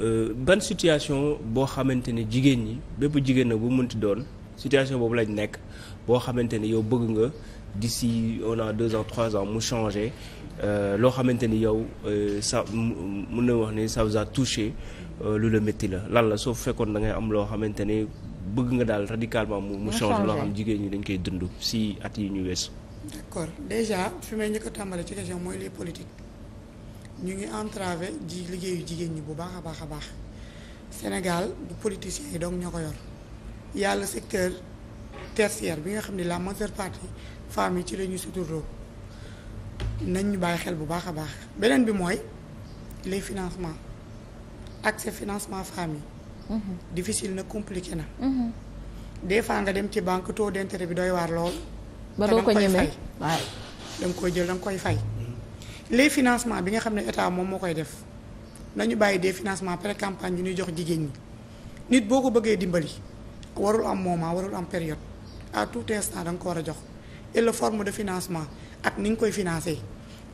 Euh, ban situation boo xamante ne jigéen ñi bépp jigéen nag bu ti doon situation boobu lañ nekk boo xamante ne yow bëgg nga d'ici si a deux ans trois ans mu changé euh, loo xamante ni yow sa mën na wax ni ça vous a touché euh, lu la métti la lan la soo fekkoon da ngay am loo xamante ni bëgg nga daal radicalement mu mu changé loo xam jigéen ñi dañ koy dund si at yi ñu weesu. d'accord ñu ngi entravé ji liggéeyu jigéen ñi bu baax a baax a baax Sénégal bu politiciens yi donc ñoo ko yor yàlla secteur tertiaire bi nga xam ne la majeure partie femmes yi ci la ñu suturloo nañ ñu bàyyi xel bu baax a baax beneen bi mooy les financements accès financement femmes yi. Mhm. difficile na compliqué na. Mhm. des fois nga dem ci banque taux d'intérêt bi doy waar lool. ba doo ko ñemee waaw da nga koy jël da nga koy fay. les financement bi nga xam ne état moom moo koy def nañu bàyyi dee financement pré campagne yu ñuy jox jigéen ñi nit boo ko bëggee dimbali warul am moment warul am période à tout instant da nga ko war a jox et la forme de financement ak ni nga koy financé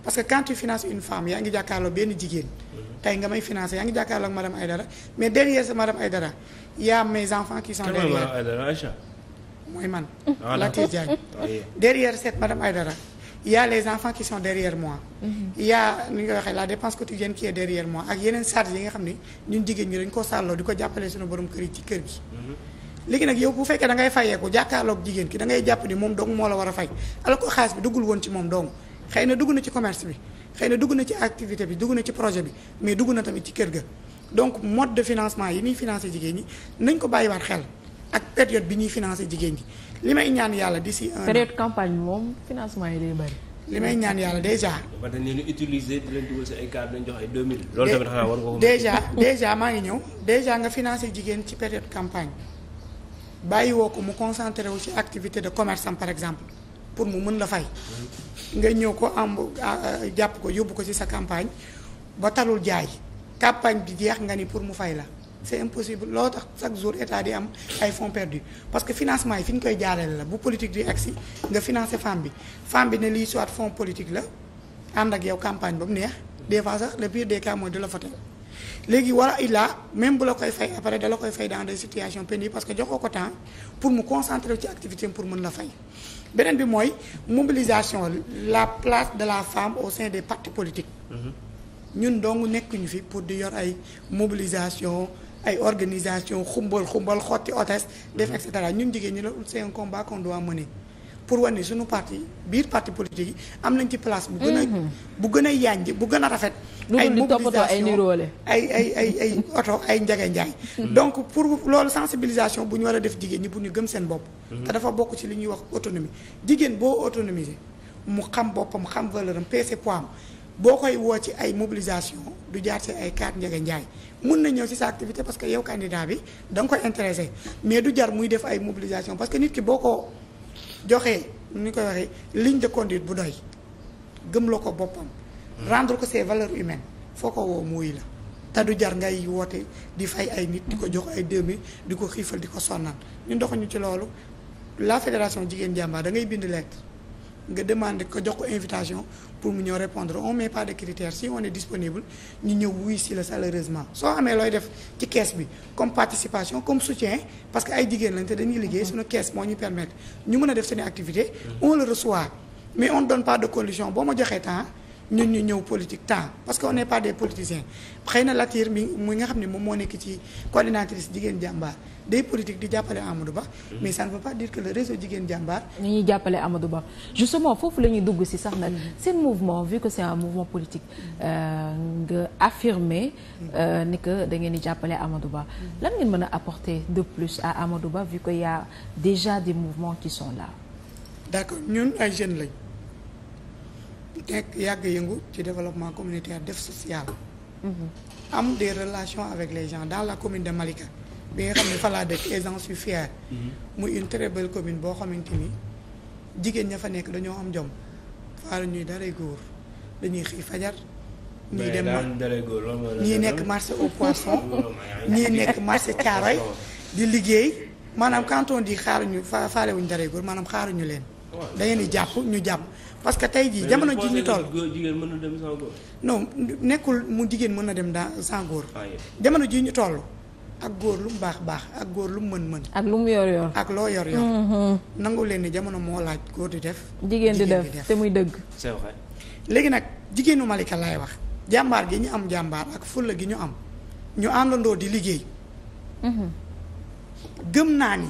parce que quand finance finances une femme yaa ngi jàkkaarloo benn jigéen tey nga may financé yaa ngi jàkkaarloo ak madame Aïdara mais derrière sa madame Aïdara y a mes enfants qui sont derrière mooy man ah, Latir Diagne derrière cette madame y les enfants qui son derrière moi. Mm-hmm. il y a nu ñu waxee la dépense quotidienne qui est derrière moi ak yeneen charges yi nga xam ni ñun jigéen ñi dañ ko sàlloo di ko jàppale suñu borom kër yi ci kër gi. Mm-hmm. léegi nag yow bu fekkee da ngay fayeeku jàkkaarloog jigéen ki da jàpp ni moom dong moo la war a fay alors que xaalis bi duggul woon ci moom dong xëy na dugg na ci commerce bi xëy na dugg na ci activité bi dugg na ci projet bi mais dugg na tamit ci kër ga donc mode de financement yi ñuy financer jigéen ñi nañ ko bàyyiwaat xel. ak période bi ñuy financé jigéen ji li may ñaan yàlla di si an. période campagne moom financement yi day bari. li may ñaan yàlla déjà. ba dañ leen utiliser di leen dugal ci ay cadres dañ jox ay war nga ko déjà maa ngi ñëw déjà nga financé jigéen ci période campagne bàyyi woo ko mu concentré wu ci activité de commerce par exemple pour mu mën la fay. nga ñëw ko am jàpp ko yóbbu ko ci sa campagne ba talul jaay campagne bi jeex nga ni pour mu fay la. c'est impossible loo tax chaque jour état di am ay fonds perdus parce que financement yi fi ñu koy jaarale la bu politique di agsi nga financer femme bi femme bi ne lii soit fonds politique la ànd ak yow campagne ba mu neex des fois sax le pire des cas mooy du la fotel léegi wala illaa même bu la koy fay après da koy fay dans des situations pénibles parce que joxoo ko temps pour mu concentrer ci activité pour mën la fay beneen bi mooy mobilisation la place de la femme au sein des partis politiques mm-hmm. ñun dong nekkuñu fi pour di yor ay mobilisation ay organisation xumbal xumbal xotti otes def et cetera ñun jigéen ñi la c'est un combat qu'on doit mener pour wane suñu parti biir parti politique am nañ ci place bu gën a mhm. bu gën a yànj bu gën a rafet ay mobilisation ay ay ay ay oto ay njage njaay mhm. donc pour loolu sensibilisation bu ñu war a def jigéen ñi bu ñu gëm seen bopp mhm. te dafa bokk ci li ñuy wax autonomie jigéen boo autonomiser mu xam boppam xam valeur am peese poids am boo koy woo ci ay mobilisation du jaar ci ay carte njëge njaay mun na ñëw ci sa activité parce que yow candidat bi da nga ko intéressé mais du jar muy def ay mobilisation parce que nit ki boo ko joxee ni koy waxee ligne de bu doy gëmloo ko boppam. rendre ko ses valeurs humaines foo ko woo muy la. te du jar ngay woote di fay ay nit di ko jox ay deux di ko xiifal di ko sonnal ñu doxuñu ci loolu la fédération jigéen jàmbaar da ngay bind lekk nga demandé ko jox ko invitation pour mu ñëw répondre on met pas de critères si on est disponible ñu ñëw wuy si la chaleureusement soo amee looy def ci kees bi comme participation comme soutien parce que ay jigéen lañ te dañuy liggéey mm-hmm. suñu kees moo ñu permettre ñu mën a def seeni activité on le reçoit mais on donne pas de condition boo ma joxee temps ñun ñu ñëw politique temps parce que on n'est pas des politiciens xëy na Latir mi mu nga xam ne moom moo nekk ci coordinatrice jigéen jàmbaar day politique di jàppale Amadou Ba. Mm-hmm. mais ça ne veut pas dire que le réseau jigéen jàmbaar. ni ñuy jàppale Amadou Ba justement foofu la ñuy dugg si sax nag mm-hmm. seen mouvement vu que c'est un mouvement politique mm-hmm. euh, nga affirmer euh, ne que da ngeen di jàppale Amadou Ba lan ngeen mën a apporter de plus à Amadou Ba vu que y a déjà des mouvements qui sont ñun ay jeunes lañ. nekk yàgg yëngu ci développement communautaire def social. Mhm. am des relation avec les gens dans la commune de Malika bi nga xam ne falaa laa dëkk et j'en suis fier mhm. muy une commune boo xamante ni jigéen ña fa nekk dañoo am jom faalu ñuy daray góor dañuy xëy fajar ñii dem ñii nekk marché au poisson ñii nekk marché Thiaroye di liggéey maanaam quand on dit xaaruñu faalewuñu daray góor maanaam xaaruñu leen da ngeen di jàpp ñu jàpp parce que tey jii jamono ji ñu toll non nekkul mu jigéen mën a dem daa sans góor ah, jamono ji ñu toll ak góor lu mu baax baax ak góor lu mu mën mën ak lu mu yor yor ak loo yor yor mm-hmm. nangu leen ni jamono moo laaj góor di def jigéen di def te muy dëgg c'est léegi nag jigéenu Malika laay wax jàmbaar gi ñu am jàmbaar ak fulla gi ñu am ñu àndandoo di liggéey mm-hmm. gëm naa ni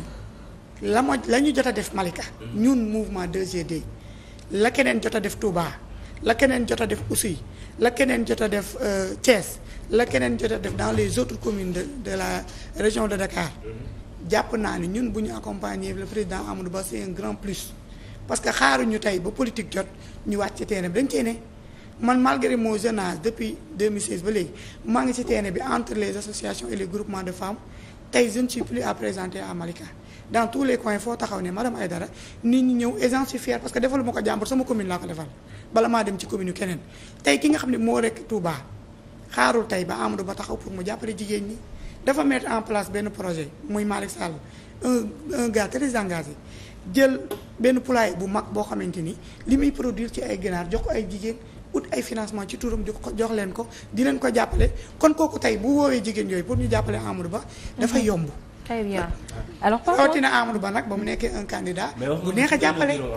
la ma la ñu jot a def Malika. Mm-hmm. ñun mouvement deux 2GD la keneen jot a def Touba la keneen jot a def Oussouye la keneen jot a def euh, Thiès la keneen jot a def dans les autres communes de de la région de Dakar mm-hmm. jàpp naa ni ñun bu ñu accompagner le président Amadou Ba c'est un grand plus parce que xaaruñu tey ba politique jot ñu wàcc ci terrain bi dañ cee ne man malgré mon jeune âge depuis 2016 ba léegi maa ngi ci terrain bi entre les associations et les groupements de femmes. tey je ne suis plus à présenter à Malika dans tous les coins foo taxaw ne ay Aïdara nit ñi ñëw et j'en suis fier parce que defalu ma ko jàmbur sama commune laa ko defal bala maa dem ci commune yu keneen tey ki nga xam ne moo rek Touba xaarul tey ba Amadou Ba taxaw pour mu jàppale jigéen ñi dafa mettre en place benn projet muy Malick Sall un te gars très engagé jël benn poulailler bu mag boo xamante ni li muy produire ci ay ginaar jox ko ay jigéen ut ay financement ci turam jox leen ko di leen ko jàppale kon kooku tey bu woowee jigéen yooyu pour ñu jàppale Amadou Ba dafay mhm. yomb. rawatina Amadou Ba nag ba mu nekkee un candidat bu neex a jàppale.